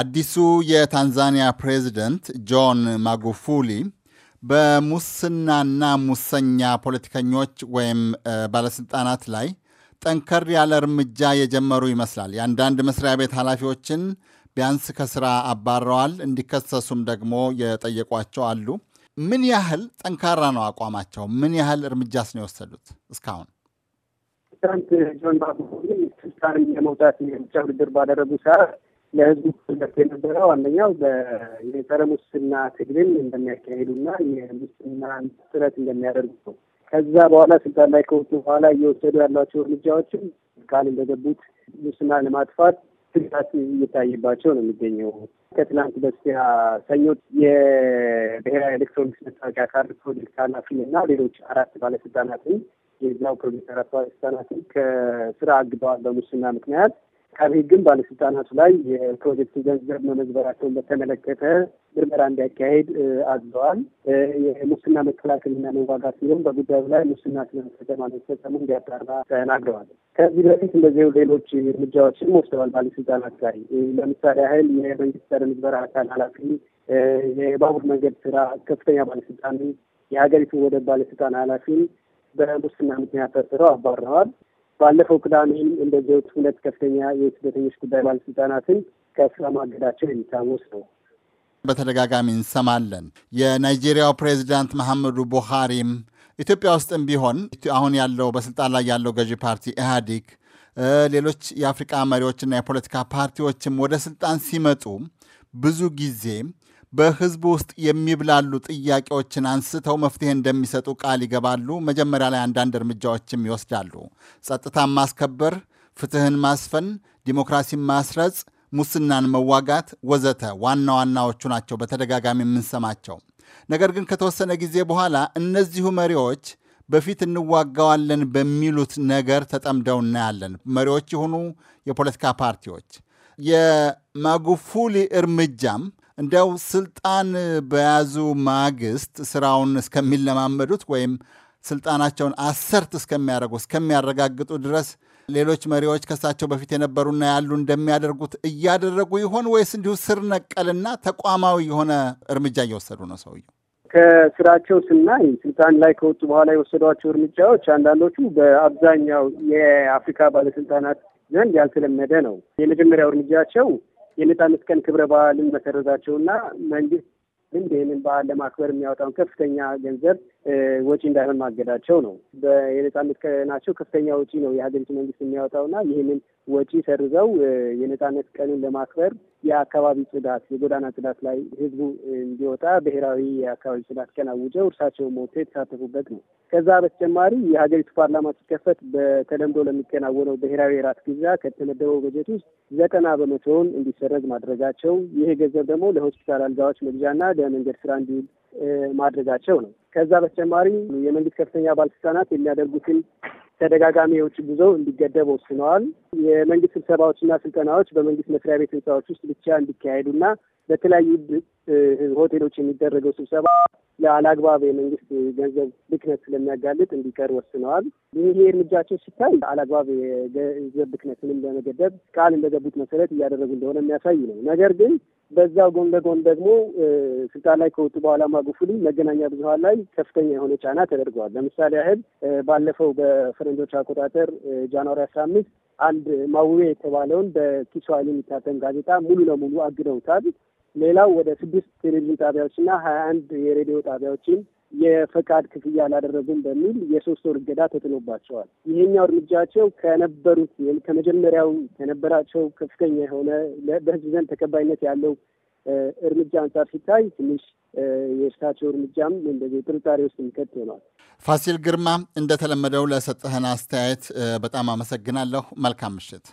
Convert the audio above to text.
አዲሱ የታንዛኒያ ፕሬዚደንት ጆን ማጉፉሊ በሙስናና ሙሰኛ ፖለቲከኞች ወይም ባለሥልጣናት ላይ ጠንከር ያለ እርምጃ የጀመሩ ይመስላል። የአንዳንድ መስሪያ ቤት ኃላፊዎችን ቢያንስ ከስራ አባረዋል፣ እንዲከሰሱም ደግሞ የጠየቋቸው አሉ። ምን ያህል ጠንካራ ነው አቋማቸው? ምን ያህል እርምጃስ ነው የወሰዱት እስካሁን? ፕሬዚዳንት ጆን ማጉፉሊ ስልጣን የመውጣት የምርጫ ውድድር ባደረጉ ሰዓት ለህዝቡ ፍርገት የነበረው አንደኛው የጸረ ሙስና ትግልን እንደሚያካሄዱና የሙስና ጥረት እንደሚያደርጉ ነው። ከዛ በኋላ ስልጣን ላይ ከወጡ በኋላ እየወሰዱ ያሏቸው እርምጃዎችም ቃል እንደገቡት ሙስና ለማጥፋት ስጋት እየታየባቸው ነው የሚገኘው። ከትላንት በስቲያ ሰኞ የብሔራዊ ኤሌክትሮኒክስ መታወቂያ ካርድ ፕሮጀክት እና ሌሎች አራት ባለስልጣናትን የዛው ፕሮጀክት አራት ባለስልጣናትን ከስራ አግደዋል በሙስና ምክንያት። አቃቢ ሕግም ባለስልጣናቱ ላይ የፕሮጀክቱ ገንዘብ መመዝበራቸውን በተመለከተ ምርመራ እንዲያካሄድ አዘዋል። የሙስና መከላከልና መዋጋት ሲሆን በጉዳዩ ላይ ሙስና ስለመፈጸም አለመፈጸሙ እንዲያጣራ ተናግረዋል። ከዚህ በፊት እንደዚሁ ሌሎች እርምጃዎችም ወስደዋል ባለስልጣናት ላይ ለምሳሌ ያህል የመንግስት ፀረ ምዝበራ አካል ኃላፊ፣ የባቡር መንገድ ስራ ከፍተኛ ባለስልጣን፣ የሀገሪቱ ወደብ ባለስልጣን ኃላፊ በሙስና ምክንያት ተስረው አባረዋል። ባለፈው ቅዳሜም እንደዚሁ ሁለት ከፍተኛ የስደተኞች ጉዳይ ባለስልጣናትን ከስራ ማገዳቸው የሚታወስ ነው። በተደጋጋሚ እንሰማለን። የናይጄሪያው ፕሬዚዳንት መሐመዱ ቡሃሪም ኢትዮጵያ ውስጥም ቢሆን አሁን ያለው በስልጣን ላይ ያለው ገዢ ፓርቲ ኢህአዲግ፣ ሌሎች የአፍሪቃ መሪዎችና የፖለቲካ ፓርቲዎችም ወደ ስልጣን ሲመጡ ብዙ ጊዜ በህዝቡ ውስጥ የሚብላሉ ጥያቄዎችን አንስተው መፍትሄ እንደሚሰጡ ቃል ይገባሉ። መጀመሪያ ላይ አንዳንድ እርምጃዎችም ይወስዳሉ። ጸጥታን ማስከበር፣ ፍትህን ማስፈን፣ ዲሞክራሲን ማስረጽ፣ ሙስናን መዋጋት ወዘተ ዋና ዋናዎቹ ናቸው በተደጋጋሚ የምንሰማቸው። ነገር ግን ከተወሰነ ጊዜ በኋላ እነዚሁ መሪዎች በፊት እንዋጋዋለን በሚሉት ነገር ተጠምደው እናያለን። መሪዎች የሆኑ የፖለቲካ ፓርቲዎች የማጉፉሊ እርምጃም እንዲያው ስልጣን በያዙ ማግስት ስራውን እስከሚለማመዱት ወይም ስልጣናቸውን አሰርት እስከሚያደርጉ እስከሚያረጋግጡ ድረስ ሌሎች መሪዎች ከሳቸው በፊት የነበሩና ያሉ እንደሚያደርጉት እያደረጉ ይሆን ወይስ እንዲሁ ስር ነቀልና ተቋማዊ የሆነ እርምጃ እየወሰዱ ነው ሰውየው? ከስራቸው ስናይ ስልጣን ላይ ከወጡ በኋላ የወሰዷቸው እርምጃዎች አንዳንዶቹ በአብዛኛው የአፍሪካ ባለስልጣናት ዘንድ ያልተለመደ ነው። የመጀመሪያው እርምጃቸው የነጻነት ቀን ክብረ በዓልን በሰረዛቸውና መንግስት ይህንን በዓል ለማክበር የሚያወጣውን ከፍተኛ ገንዘብ ወጪ እንዳይሆን ማገዳቸው ነው። የነጻነት ቀናቸው ከፍተኛ ወጪ ነው የሀገሪቱ መንግስት የሚያወጣው እና ይህንን ወጪ ሰርዘው የነጻነት ቀንን ለማክበር የአካባቢ ጽዳት፣ የጎዳና ጽዳት ላይ ህዝቡ እንዲወጣ ብሔራዊ የአካባቢ ጽዳት ቀን አውጀው እርሳቸውን ወጥተው የተሳተፉበት ነው። ከዛ በተጨማሪ የሀገሪቱ ፓርላማ ሲከፈት በተለምዶ ለሚከናወነው ብሔራዊ የራት ግዛ ከተመደበው በጀት ውስጥ ዘጠና በመቶውን እንዲሰረዝ ማድረጋቸው፣ ይሄ ገንዘብ ደግሞ ለሆስፒታል አልጋዎች መግዣና ለመንገድ ስራ እንዲውል ማድረጋቸው ነው። ከዛ በተጨማሪ የመንግስት ከፍተኛ ባለስልጣናት የሚያደርጉትን ተደጋጋሚ የውጭ ጉዞ እንዲገደብ ወስነዋል። የመንግስት ስብሰባዎችና ስልጠናዎች በመንግስት መስሪያ ቤት ህንፃዎች ውስጥ ብቻ እንዲካሄዱና በተለያዩ ሆቴሎች የሚደረገው ስብሰባ ለአላግባብ የመንግስት ገንዘብ ብክነት ስለሚያጋልጥ እንዲቀር ወስነዋል። ይሄ እርምጃቸው ሲታይ አላግባብ የገንዘብ ብክነትንም ለመገደብ ቃል እንደገቡት መሰረት እያደረጉ እንደሆነ የሚያሳይ ነው። ነገር ግን በዛው ጎን ለጎን ደግሞ ስልጣን ላይ ከወጡ በኋላ ማጉፉሊ መገናኛ ብዙሀን ላይ ከፍተኛ የሆነ ጫና ተደርገዋል። ለምሳሌ ያህል ባለፈው በፈረንጆች አቆጣጠር ጃንዋሪ አስራ አምስት አንድ ማዌ የተባለውን በኪስዋሂሊ የሚታተም ጋዜጣ ሙሉ ለሙሉ አግደውታል። ሌላው ወደ ስድስት ቴሌቪዥን ጣቢያዎችና ሀያ አንድ የሬዲዮ ጣቢያዎችን የፈቃድ ክፍያ አላደረጉም በሚል የሶስት ወር እገዳ ተጥሎባቸዋል። ይሄኛው እርምጃቸው ከነበሩት ከመጀመሪያው ከነበራቸው ከፍተኛ የሆነ በህዝብ ዘንድ ተቀባይነት ያለው እርምጃ አንጻር ሲታይ ትንሽ የእርሳቸው እርምጃም እንደዚህ ጥርጣሬ ውስጥ የሚከት ሆኗል። ፋሲል ግርማ፣ እንደተለመደው ለሰጠህን አስተያየት በጣም አመሰግናለሁ። መልካም ምሽት።